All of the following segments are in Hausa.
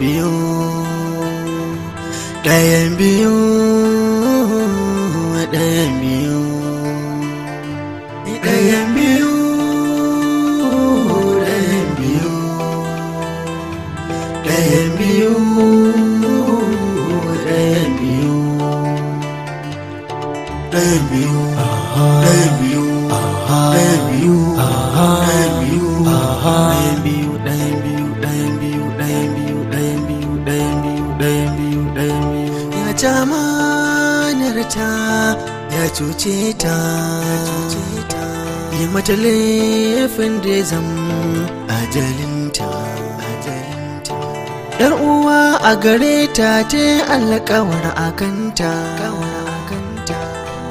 biyu ɗayan biyu ta laifin da ya zama ajalinta yar uwa a gare ta te alƙawar a kanta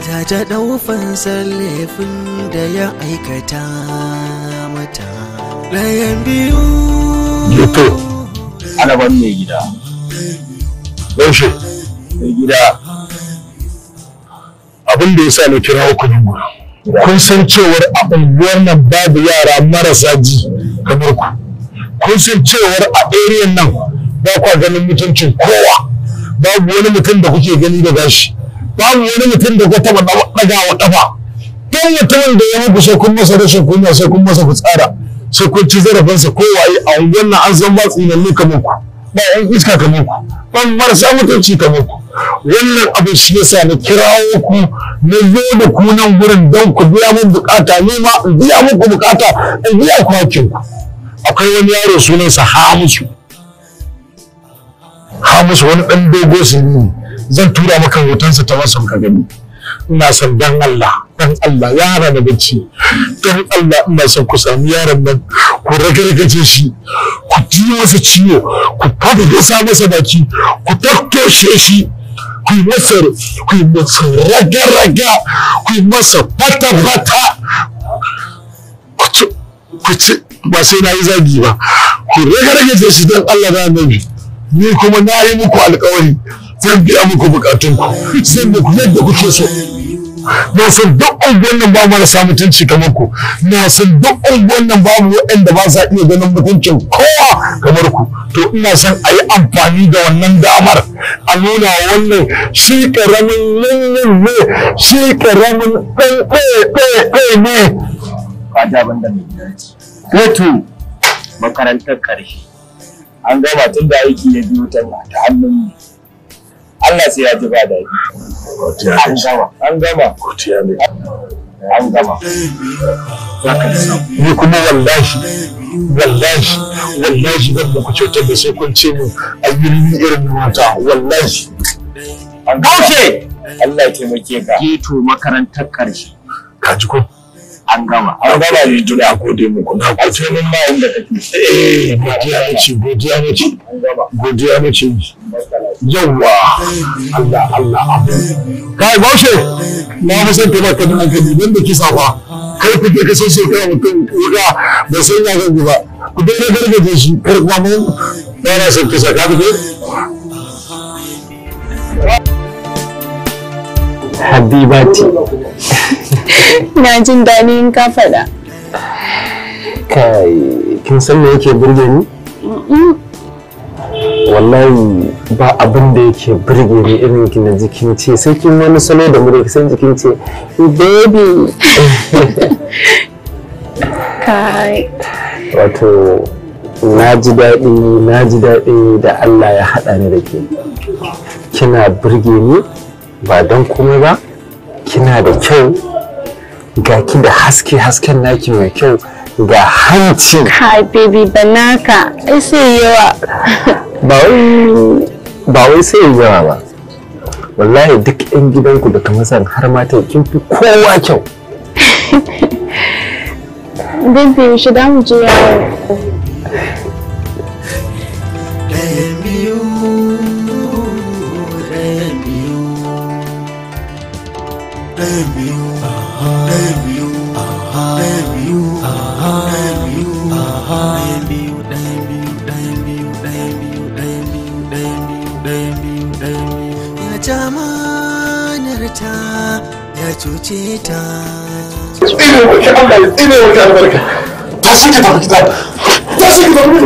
za ta ɗaufan laifin da ya aikata mata rayan biyu yato ana ban mai gida yaushe mai gida abin da ya sa na kira ku dubura kun san cewar a unguwar nan babu yara marasa ji kamar ku kun san cewar a ariyan nan ba kwa ganin mutuncin kowa babu wani mutum da kuke gani da gashi babu wani mutum da kuka taba wa kafa don mutumin da ya muku sai kun masa rashin kunya sai kun masa fitsara sai kun ci zarafinsa kowaye a unguwar nan an zan ba tsinanni kamar ku ba yan iska kamar ku ba marasa mutunci kamar ku wannan abin shi yasa na kirawo ku na zo da kunan gurin don ku biya mun bukata ni ma in biya muku bukata in biya ku hakkin akwai wani yaro sunansa Hamisu Hamisu wani dan dogo sunni zan tura maka hotonsa ta wasan ka gani ina son dan Allah dan Allah yara da bacci dan Allah ina son ku sami yaron nan ku ragargaje shi ku ji masa ciwo ku fada masa baki ku tattoshe shi ku masa ku masa raga raga ku masa fata fata ku ci ba sai na yi zagi ba ku raga raga da shi don Allah na annabi ni kuma na yi muku alkawari zan biya muku bukatunku zan muku yadda kuke so na san duk unguwan nan babu marasa mutunci kamar ku na san duk unguwan nan babu waɗanda ba sa iya ganin mutuncin kowa kamar ku to ina son a yi amfani da wannan damar a nuna wannan shi karamin lullun ne shi karamin ɗan ɗaya ne. Ba da ban da mai makarantar ƙarshe an gama tun da aiki ya biyo ta hannun mu. Allah sai ya ji ba daɗi. An gama. An gama. An gama. Ni kuma wallahi wallahi wallahi zan muku cutar da sai kun ce min ni irin mata wallahi. An gauce. Allah ya taimake ka. Keto makarantar ƙarshe. Ka ji ko? an gama an gama ne a gode muku na gode mun ma inda kake eh godiya ne ce godiya ne ce godiya ne ce yawa Allah Allah kai baushe na fi son kai baka nan kai ban da kisa ba kai ku ke kaso so kai mutum kuga ba san ya gangu ba ku dai gargaje shi kar kuma mun ba na son kisa ka ku Habibati na jin dani in ka faɗa kai kin san me yake burge ni wallahi ba abin da yake burge ni irin ki na jikin ce sai kin wani salo da mu san jikin ce baby kai wato na ji daɗi na ji daɗi da Allah ya haɗa ni da ke kina burge ni ba don kuma ba kina da kyau ga ki da haske hasken naki mai kyau ga hanci hi baby banaka ai sai yawa ba wai ba wai sai yawa ba wallahi duk yan gidanku da kamar san har mata kin fi kowa kyau baby shi da mu je yawo Baby, Ɗayan biyu, ɗayan biyu, ɗayan biyu, ɗayan biyu, biyu, Ya cuce ta. Tsire wa Allah ya tsire wa albarka. Ta shi ki tafi Ta shi ki tafi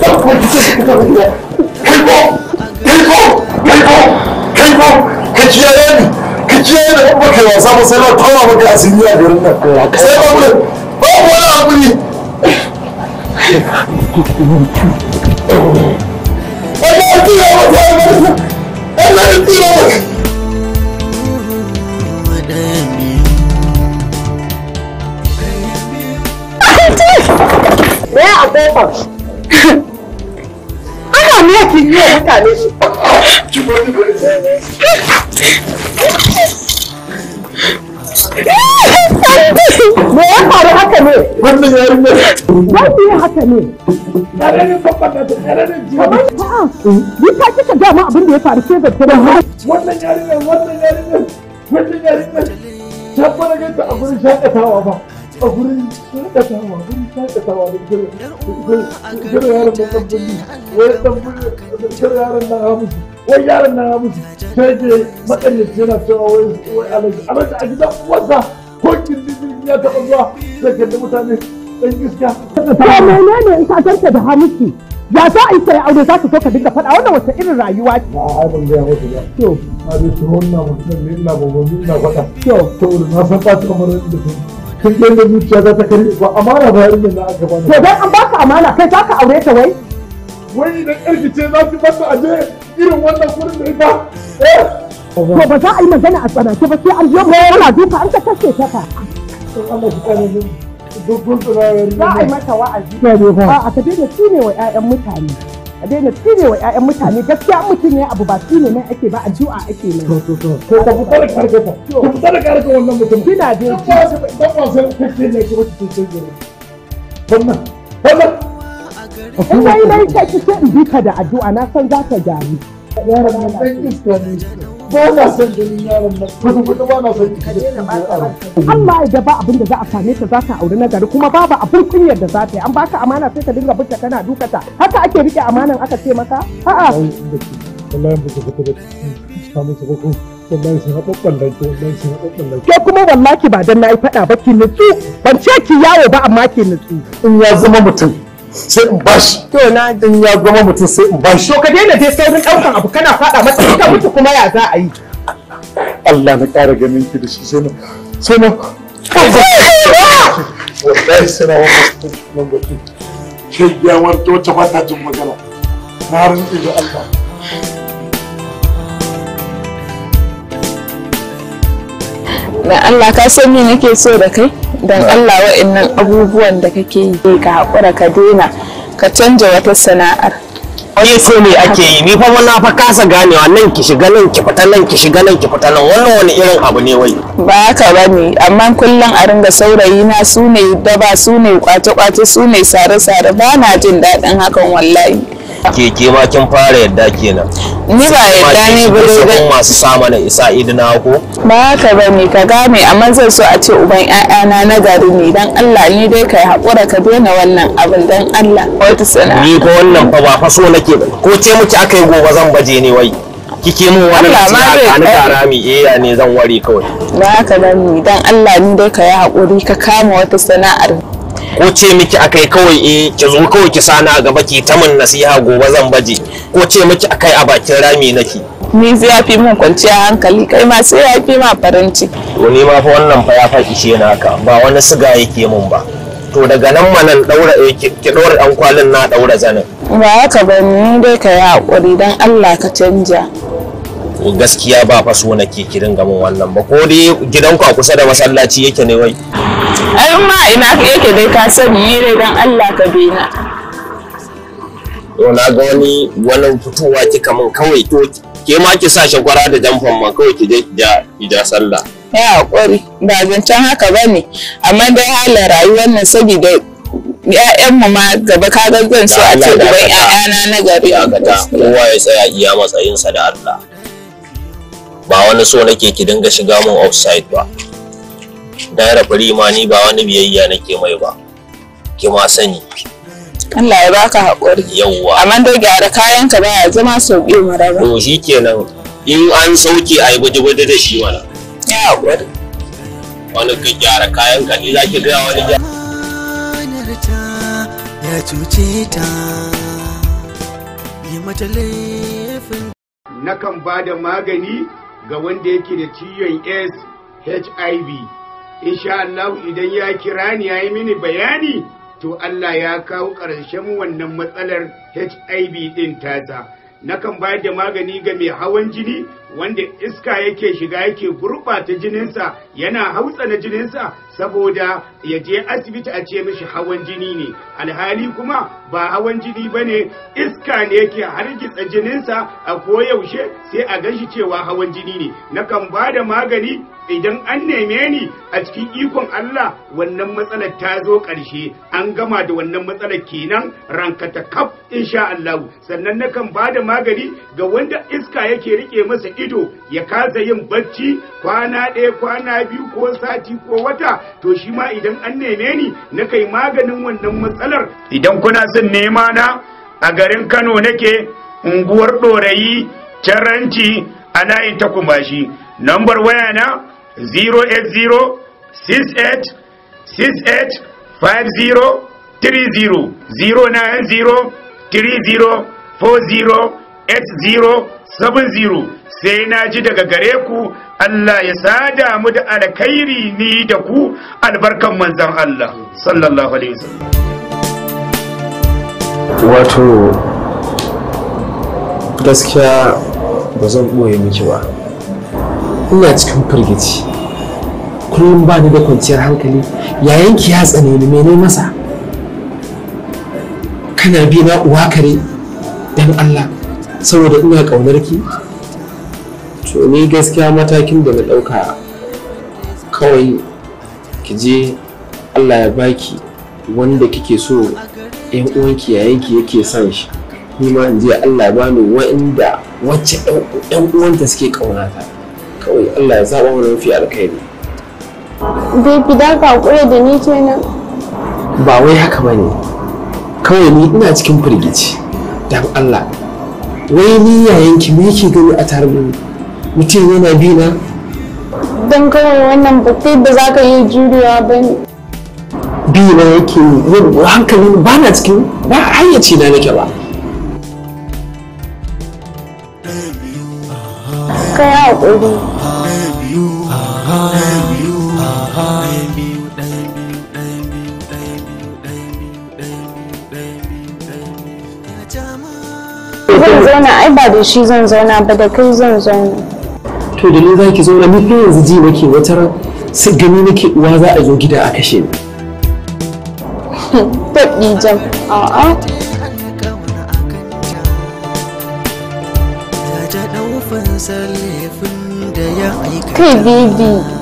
Ta kuma ki tafi gida. Kai ko, kai ko, kai ko, ni. Ka kiyaye da kuma kai wasa ba sai na tura maka asiri a garin nan. Sai ba mu, ba mu wani abu ne. Ana ne ki ne mutane su. me ya faru haka ne wannan ya rinne wannan ya haka ne ƙararin babbata da ƙararin jiya ah, ni ta kika dama abin da ya faru sai da tura wannan ya rinne wannan ya rinne wannan ya rinne ta fara ganta abin shakatawa ba a gurin shaƙatawa gurin shaƙatawa da gero gero yaron nan ɗan bulli wai ɗan bulli gero yaron nan ya mutu wai yaron nan ya mutu sai dai maƙalyaci yana cewa wai wai alaji alaji a gidan uwarsa ko kirji ya taɓa zuwa sai kalli mutane ɗan iska. ko menene ita tarka da hamuki ya za a yi sai aure za su so ka dinga faɗa wannan wata irin rayuwa ce. Na ai ban gaya musu ba. To. Na dai su wannan mutum ne ina gobe ina faɗa. To. To na san ba ta kamar yadda Kin kai yadda zuciya za ta karye ba amana ba yadda na aka bani to dan an baka amana kai za ka aure ta wai wai idan yarki ce za ki bata a je irin wannan gurin da ita eh! to ba za a yi magana a tsanake ba sai an je eh! mu ana duka an ta kashe ta ka to za a yi mata wa'azi ba a tafi da shi ne wa 'ya'yan mutane a daina tsine wa 'ya'yan mutane gaskiya mutum ne abu ba su ne ake ba addu'a ake ne to to to ko ka fita da karka ka ku fita da karka wannan mutum kina je. Ko ba ba sai ku ne ki wata tsine ne wannan wannan in dai dai ka ki ce in bi ka da addu'a na san za ka gani yaron nan dan iska ne ba na yaron nan ba na nan? Allah ya da da za a same ta za ta aure na kuma babu abin kunyar da za ta yi an baka amana sai ka dinga binta kana dukata haka ake rike amanan aka ce maka a'a wallahi ba ku kuma wallahi ba dan na yi faɗa ba ki nutsu ban ce ki yawo ba amma ki nutsu in ya zama mutum sai in bashi to na in ya zama mutum sai in bashi to ka daina dai saurin ɗaukan abu kana faɗa masa kika mutu kuma ya za a yi Allah na ƙara ganin ki da shi sai na sai na wallahi sai na nan ya fata jin magana na da Allah da Allah ka san me nake so da kai dan Allah wa'annan abubuwan da kake yi ka haƙura ka dena ka canja wata sana'ar wani so ne ake yi ni fa wannan fa kasa ganewa nan ki shiga nan ki fita nan ki shiga nan ki fita nan wannan wani irin abu ne wai ba haka bane amma kullum a ringa saurayi na su ne daba su ne kwace kwace su ne sare sare ba na jin daɗin hakan wallahi keke ma kin fara yadda kenan ni ba yadda ne ba dai masu sama mana isa idina ko ba haka ba ne ka gane amma zan so a ce uban ƴaƴana na gari ne dan Allah ni dai kai hakura ka dena wannan abin dan Allah wata sana ni ko wannan fa ba fa so nake ko ce muke akai gobe zan baje ne wai kike mun wani nasiha ni kara mi eh, ne zan ware kawai ba haka ba ne dan Allah ni dai kai hakuri ka kama wata sana'ar ko ce miki akai kawai eh ki zo kawai ki sani a gaba ki ta min nasiha gobe zan baje ko ce miki akai a bakin rami nake ni zai yafi mun min kwanciya hankali kai ma sai ya ma farin ciki to ni ma fa wannan fa ya fa ishe naka ba wani siga yake mun ba to daga nan ma nan daura eh, ki daura dan kwalin na daura zanin ba haka ba ni dai ka yi hakuri dan Allah ka canja gaskiya ba fa so nake ki dinga min wannan ba ko dai gidanku a kusa da masallaci yake ne wai ai ma ina yake dai ka sani Ni dai dan Allah ka bi na to na ga wani wannan fitowa kika min kawai to ke ma ki sa shakwara da jamfan ma kawai ki je ki ja sallah ya hakuri ba zancen haka ne. amma dai halin rayuwar nan saboda ‘ya'yanmu ma gaba ka zan so a ce gaban ‘ya'yana na gari. kowa ya tsaya iya matsayinsa da Allah. Ba wani so nake ki dinga shiga mun offside ba. daira bari ma ni ba wani biyayya nake mai ba ki ma sani Allah ya baka haƙuri yawwa amma dai gyara kayan ka ya zama sau biyu mara ba to shikenan in an sauke ayi gwaje-gwaje da shi mana ya haƙuri wani ka gyara kayan ka ni zaki ga wani gyara ya cuce ta yi mata laifin nakan ba da magani ga wanda yake da ciwon AIDS hiv insha Allah idan ya kira ni ya yi mini bayani to Allah ya kawo ƙarshen wannan matsalar HIV ɗin tata. Nakan ba da magani ga mai hawan jini wanda iska yake shiga yake gurɓata jininsa yana hautsa na jininsa saboda ya je asibiti a ce mishi hawan jini ne alhali kuma ba hawan jini bane. iska ne yake hargitsa jininsa a koyaushe sai a gashi cewa hawan jini ne nakan ba da magani idan an neme ni a cikin ikon Allah wannan matsalar ta zo ƙarshe an gama da wannan matsalar kenan ta kaf insha Allah sannan nakan ba da magani ga wanda iska yake rike masa ido ya kasa yin bacci kwana ɗaya kwana biyu ko sati ko wata to shi ma idan an neme ni na kai maganin wannan matsalar idan kuna son nema na a garin Kano nake unguwar ɗorayi caranci a layin kumashi lambar waya na 08068685030 09030408070 sai na ji daga gare ku Allah ya sada mu da alkhairi ni da ku albarkan manzan Allah sallallahu alaihi wasallam wato gaskiya ba zan ɓoye miki ba ina cikin firgici kullum ba ni da kwanciyar hankali yayan ki ya tsane ni mene masa kana bi na uwa kare dan Allah saboda ina kaunar ki to ni gaskiya matakin da na dauka kawai ki je Allah ya baki wanda kike so yan uwanki ki yake son shi ni ma in je Allah ya bani wa'inda wacce yan uwanta suke kaunata kawai Allah ya zaba mana mafi alkhairi Baby da ka kure da ni kenan. Ba wai haka ba ne. Kawai ni ina cikin firgici. Dan Allah. Wai ni yayanki me yake gani a tare da mutum yana bi na? Don kawai wannan bakai da za ka yi juriya ba ne. Bi na yake yin hankali ba na cikin ba hayyaci na nake ba. Kai haƙuri. wannan ai ba da shi zan zauna ba da kai zan zauna to da ni zaki zauna ni fa yanzu ji nake wata ran sai gani nake uwa za a zo gida a kashe ni taɗi jam a'a kai bibi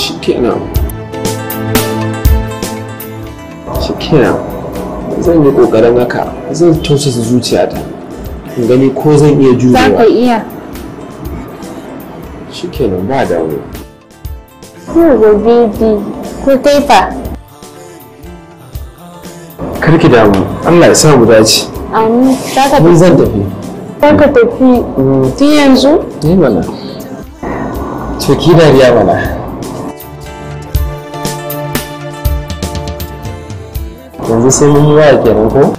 shi kenan shi kenan zan yi ƙoƙarin haka zan tausasa zuciyata in gani ko zan iya jurewa za ka iya shi kenan ba damu ko gobe ko taifa? fa karki damu Allah ya sa mu dace amin za ka tafi zan tafi za ka tafi mm. tun yanzu ne eh, mana to ki dariya mana 있으니까 이렇게 오고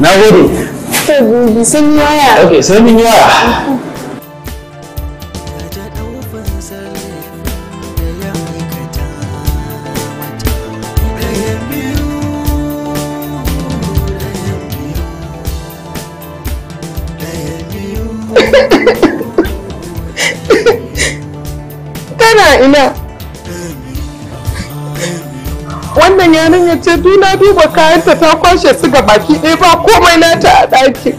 Now ready Tôi bị sinh nhòa Ok, sinh nhòa Kana ina tunanin ya ce duna duba kayanta ta kwashe su ga baki ɗaya ba komai nata a ɗaki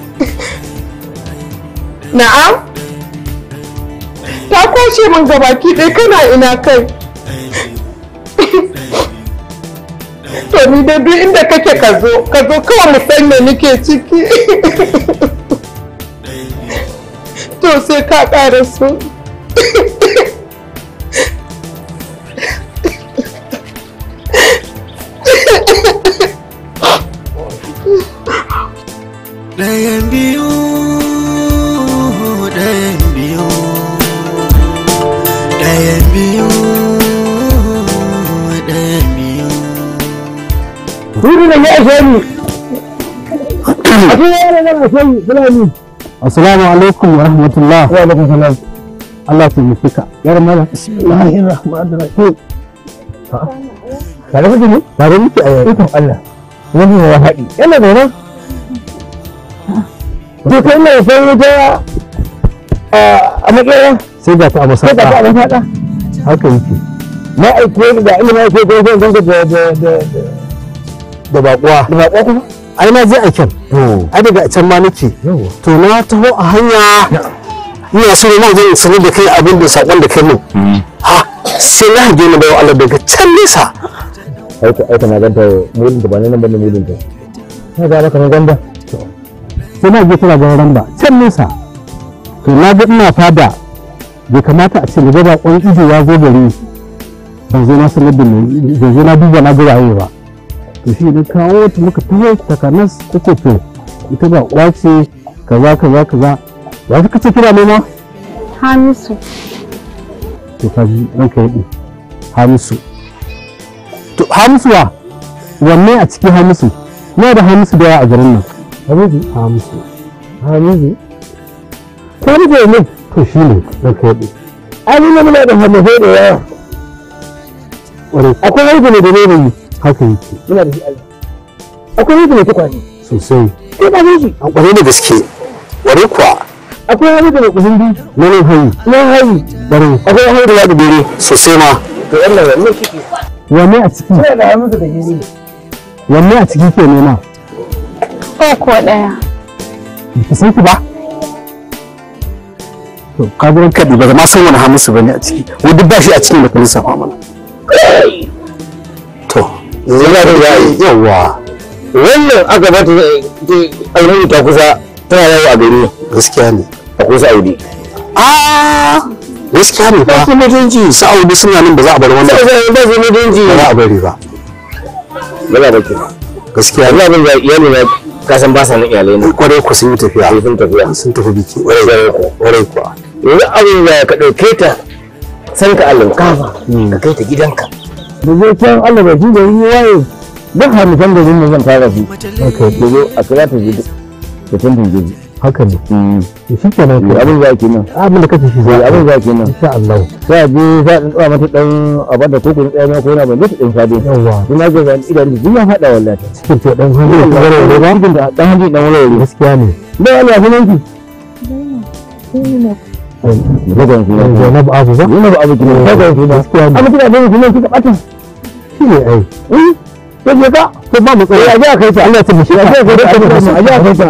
na'am ta kwashe min ga baki ɗaya kana ina kai to ni da duk inda kake ka zo ka zo kawai mu san me nake ciki to sai ka ƙara so ɗayan biyu ɗayan biyu ɗayan biyu ɗayan biyu Ruru da ya shani Assalamu alaikum wa rahmatullah wa alaikum salam Allah ta yi fika yar mala bismillahir rahmanir rahim Tare kuke ne? Tare muke a yau. Ikon Allah. Wani ya haɗi. Yana da duk wannan sai wuta a matsaya sai ga ta a masaka sai ga ta a masaka haka yake na aike da ina aike ko zan ganka da da da da baƙuwa. da baƙuwa kuma ai na je aikin to ai daga can ma nake to na taho a hanya ina so na je in sanar da kai abin da sakon da kai min hmm. ha sai na hage ni bayan Allah daga can nesa aika aika na ganta mulin da ba ne nan bane mulin da na ga maka na ganda sai na je tana ganin ba can nesa to na ga ina fada bai kamata a ce na ga bakon ido ya zo gare ban zo na sanar da ban zo na duba na ga waye ba to shi ne kawo ta muka ta kanas kuke to ita ba kwace kaza kaza kaza ya fi kace kira ne ma hamisu to ka ji ranka yi hamisu to hamisu wa wanne a cikin hamisu na da hamisu da yawa a garin nan hamidu hamisu hamidu kwanu da yamin to shi ne na kaɗe an yi muna da hannu da yawa akwai aiki ne da ne yi haka yake muna da shi allah akwai aiki ne tukwane sosai ko ba ne a kwarai da gaske wari kuwa akwai aiki ne kuhin bi na nan hayi na hayi bari akwai hayi da ya da dare sosai ma to allah wannan ke? wanne a ciki sai da hamadu da gini wanne a ciki ke nema Ko ko ɗaya. Ba san ki ba? To, ka kaɗi ba zama san wani hamisu ba ne a ciki. Wadda ba shi a cikin bakalin safa mana. To, da ya yi yawa. Wannan aka ba ta ta kusa tana yawo a gari. Gaskiya ne. A kusa aure. Ah! gaskiya ne ba kuma mutunci sa'udi suna nan ba za a bar wannan ba za a bari ba gaskiya ba ka san ba sa nan iyalai ne kwarai ku sun tafiya eh, sun tafiya sun tafi biki kwarai kuwa yanzu abin da ka dauke ta san ka allon kafa hmm. ka kai ta gidanka da zai kyan allah ba da yi waye duk hannukan da zan ta su ka kai a kira ta gidi da gidi haka ne mm. shi nan kai abin zaki nan abin da kace shi za abin zaki nan insha Allah sai a je za a tsaya mata dan abin da koko tsaya na na ban zai din sade yawa na ga idan duk ya fada wallahi cikin to dan hanji da da dan dan wani gaskiya ne Allah ki Zainabu ne ai. Eh? ka ko ba mu tsaye. Eh, ya ga kai ta Allah ya tabbata. Ya ga kai ta Allah ya tabbata.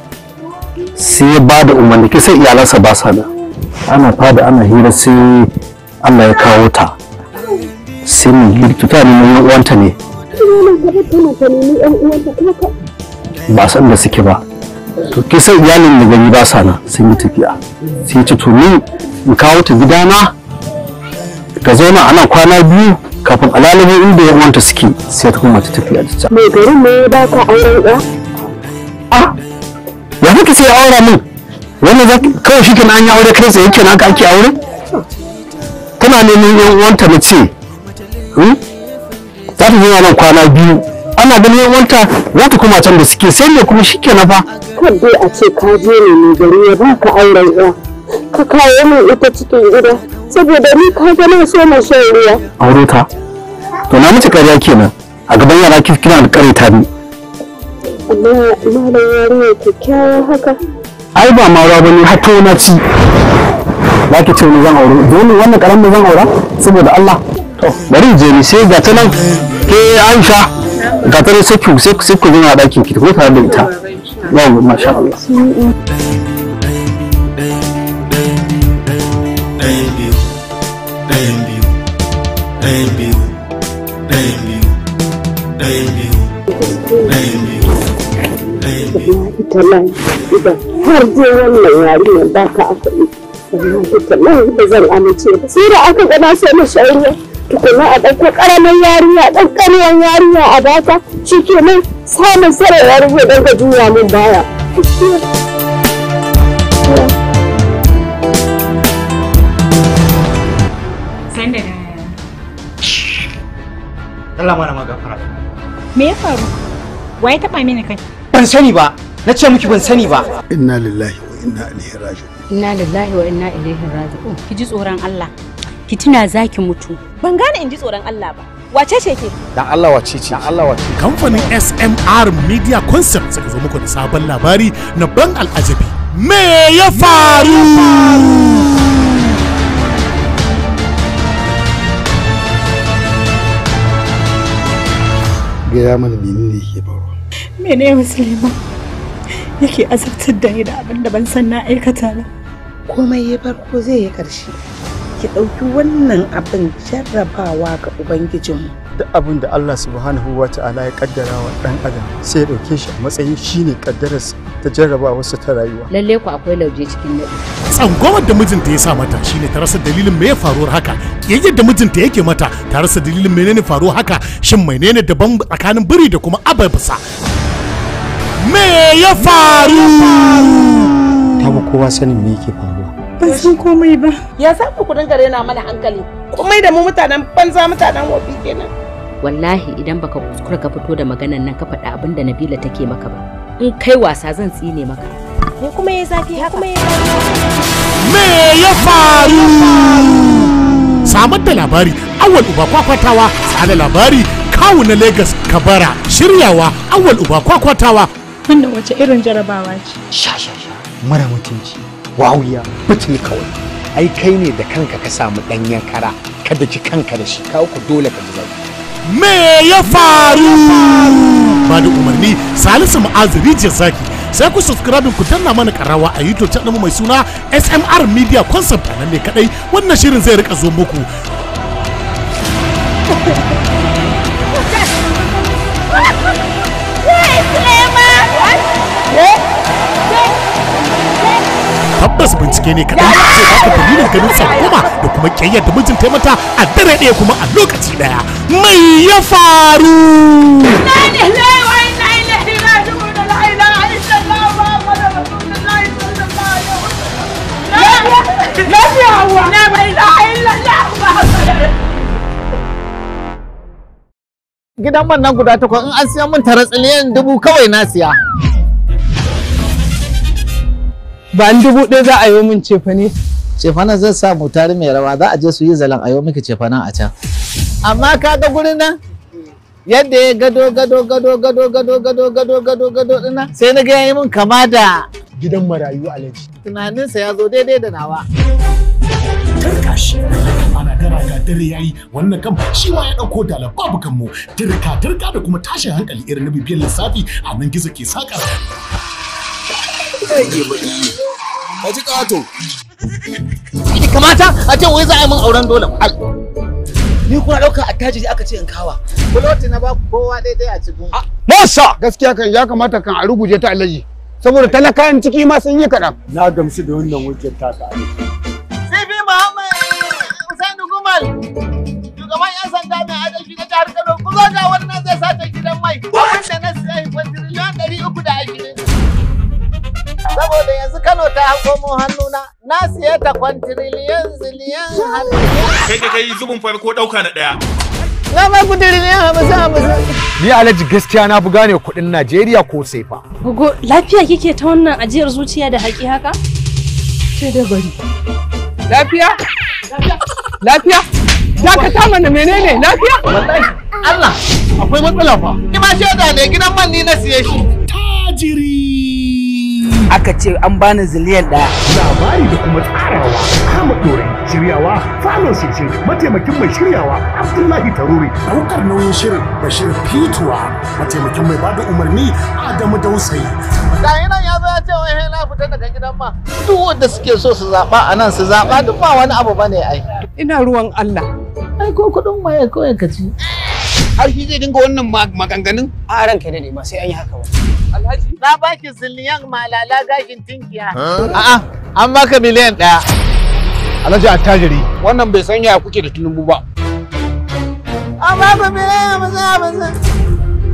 sai ya ba da umarni ke sai iyalansa ba sa da ana fada ana hira sai Allah ya kawo ta sai mu girki ta ne yan uwanta ne ba san da suke ba to ke sai iyalin da gari ba sa na sun yi tafiya sai ya ce to ni in kawo ta gidana ka zauna ana kwana biyu kafin alalabo inda yan uwanta suke sai ta kuma ta tafiya da ta mai garin ne ba ka auren ɗaya ce ya aura min wani kawai shi kenan an yi aure kai tsaye kenan ka ake aure tana neman yan uwanta na ce hmm? za ta zama nan kwana biyu ana ganin yan uwanta za ta kuma can da suke sai ne kuma shi kenan fa kan dai a ce ka je ne mai gari ya ba ka auren ya ka kawo min ita cikin gida saboda ni ka ga na so na shan ruwa aure ta to na mace karya kenan a gaban yara kina da ta ni amma malam yarinya kyakkyawa haka ai ba mara ba ne hato na ci za ki ce ni zan aure dole wannan karamin zan aura saboda Allah to bari je ni sai ga ta nan ke Aisha ga ta sai ku sai ku zama a ɗakin ki ko tare da ita yau masha Allah talahi idan har dai wannan yarinyar ba ka a kuɗi wallahi talahi ba zan amince ba sai da aka gana sai mu shari'a tukuna a ɗauko ƙaramin yarinya ɗan ƙaramin yarinya a bata shi ke nan samun sarar yarinya ɗan ka juya min baya. Allah mana magafara. Me ya faru? Wa ya taɓa mini kai? Ban sani ba. na ce muki ban sani ba inna lillahi wa inna ilaihi raji'un inna lillahi wa inna ilaihi raji'un ki ji tsoron Allah ki tuna zaki mutu ban gane in ji tsoron Allah ba wace ce ke dan Allah wace ce dan Allah wace kamfanin SMR Media Concept suka zo muku da sabon labari na ban al'ajabi me ya faru gaya mana menene ke faruwa mene musulman yake azabtar da ni da abin da ban san na aikata ba komai ya farko zai yi ƙarshe ki ɗauki wannan abin jarrabawa ga ubangijinmu duk abin da Allah subhanahu wa ta'ala ya kaddara wa ɗan adam sai ya ɗauke shi a matsayin shine kaddararsa ta wasu ta rayuwa lalle ku akwai lauje cikin naɗi tsangwamar da mijinta ya sa mata shine ta rasa dalilin me ya faruwar haka da mijinta yake mata ta rasa dalilin menene faruwar haka shin menene daban tsakanin biri da kuma ababisa me ya faru ta ba kowa sanin me yake faruwa ban san komai ba ya za ku dinga rena mana hankali komai da mu mutanen banza mutanen wofi kenan wallahi idan baka kuskura ka fito da maganan nan ka faɗa abin da Nabila take maka ba in kai wasa zan tsine maka me kuma ya zafi haka me ya faru samar da labari awal uba kwakwatawa tsada labari kawu na lagos Kabara shiryawa awal uba kwakwatawa wannan wace irin jarabawa ce sha sha sha mara mutunci wawuya, mutum kawai ai kai ne da kanka ka samu danyen kara kada ji kanka da shi kawo ku dole ka ji zai me ya faru ba da umarni salisu ma'azu rijiyar zaki sai ku subscribe ku danna mana karawa a youtube channel mai suna smr media concept a nan ne kadai wannan shirin zai rika zo muku Ha ha ha! masu bincike ne kaɗan zai baka dalilin ganin sarkoma da kuma ƙyayyar da mijin taimata a dare ɗaya kuma a lokaci ɗaya mai ya faru gidan man nan guda takwas in an siya min tsiliyan dubu kawai na siya ba an dubu ɗaya za a yi min cefane cefanen zai sa mu tare mai rawa za a je su yi zalan a yi miki cefanen a can amma kaga gurin nan yadda ya gado gado gado gado gado gado gado gado gado dinnan sai na ga yayi min kama da gidan marayu alaji tunaninsa ya zo daidai da nawa tarkashi ana ga dare yayi wannan shi wa ya dauko dala babu kanmu da kuma tashin hankali irin na bibiyar lissafi a nan gizo ke saka kai ke baki ka ji kato kamata a ce wai za a yi min auren dole ni kuna ɗauka attajiri aka ce in kawa buloti na ba kowa daidai a cikin masa ah, gaskiya kan ya kamata kan a ruguje ta alaji saboda talakayan ciki ma sun yi kaɗan na gamsu da wannan wajen ta a sibi muhammad hussein gumal shugaban yan sanda mai adalci na jihar kano ku zo ga wannan zai sace gidan mai wanda na siya hikwan tiriliyan ɗari uku da ashirin saboda yanzu Kano ta hanko mu hannuna na siye ta kwantiriyan ziliyan hannu. Kai ka kai zubin farko ɗauka na ɗaya. Na ba ku tiriliyan hamsin hamsin. Ni Alhaji gaskiya na bu gane kuɗin Najeriya ko fa. Gogo lafiya kike ta wannan ajiyar zuciya da haƙi haka? Ce da bari. Lafiya? Lafiya? Dakata mana menene lafiya? Allah akwai matsala fa. Ki ma shaida ne gidan man ni na siye shi. Tajiri. aka ce an bani ziliyan ɗaya. Labari da kuma tsarawa kama Dore shiryawa Fano Shishin mataimakin mai shiryawa Abdullahi Taruri. Daukar nauyin shirin Bashir Fituwa mataimakin mai bada umarni Adamu Dausayi. Gayi nan ya zo ya ce wai na fita daga gidan ma. Duk wanda suke so su zaɓa a nan su zaɓa duk ba wani abu bane ai. Ina ruwan Allah. Ai ko kuɗin maye kawai ka ci. Har shi zai dinga wannan maganganun? A ranka da ne ma sai an yi haka ba. Alhaji? Na baki ziliyan malala gagin tinkiya. A'a, an baka miliyan ɗaya. Alhaji attajiri, wannan bai san yaya kuke da tunubu ba. An baka miliyan ba za ba za.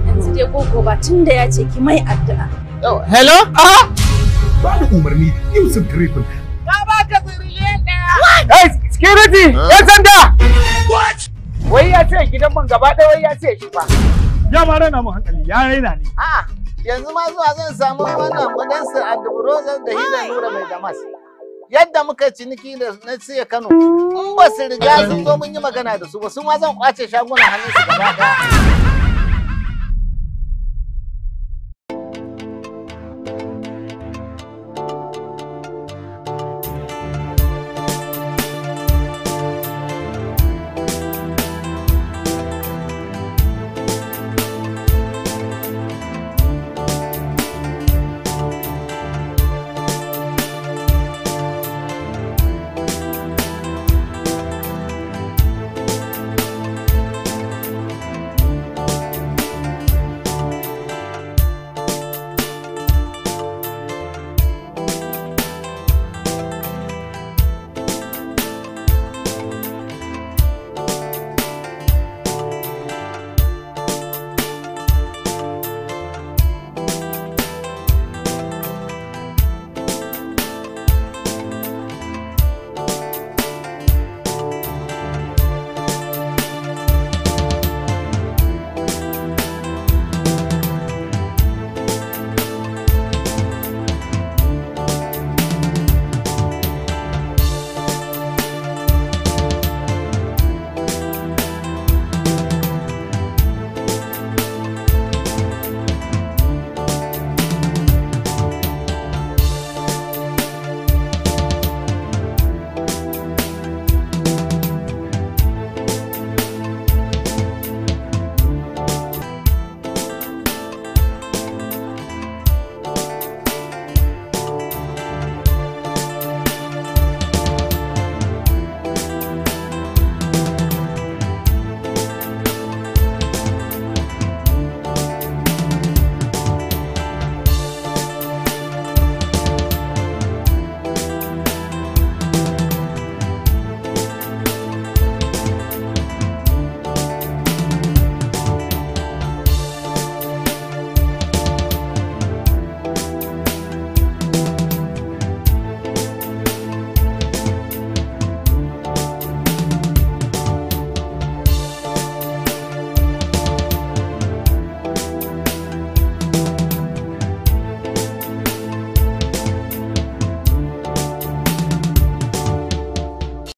Yanzu dai koko ba tun da ya ce ki mai addu'a. Hello? A'a. Ba da umarni, Yusuf Grifin. Na baka ziliyan ɗaya. Hey, security, yan sanda! What? Wai ya ce gidan man gaba ɗaya wai ya ce shi ba. Ya ma rana mu hankali, ya raina ne. A'a. yanzu ma zuwa zan samu wannan mudansir addubrozan da hidan nura mai damas yadda muka ciniki da na siya kano in ba su riga sun zo mun yi magana da su ba su ma zan kwace shaguna hannun su gaba daya